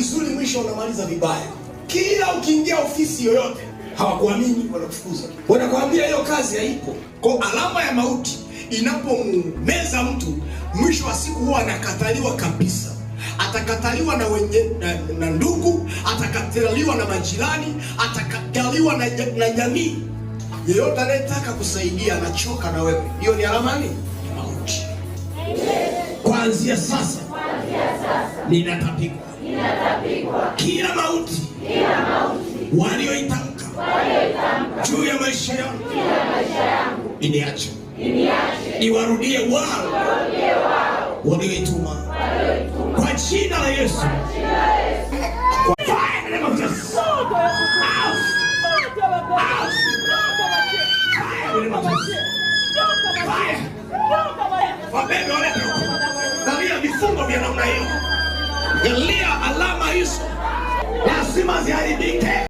vizuri, mwisho unamaliza vibaya. Kila ukiingia ofisi yoyote hawakuamini, wanakufukuza, wanakuambia hiyo kazi haipo. Kwa alama ya mauti inapomeza mtu, mwisho wa siku huwa anakataliwa kabisa. Atakataliwa na wenye na, na ndugu, atakataliwa na majirani, atakataliwa na, na jamii. Yeyote anayetaka kusaidia anachoka na wewe. Hiyo ni alama ni mauti. kwanzia sasa, sasa, ninatapikwa kila mauti, walioitamka juu ya maisha yangu iniache, iwarudie wao walioituma kwa jina la Yesu. Wapendwa, galia vifungo vya namna hiyo, galia Yesu, lazima ziharibike.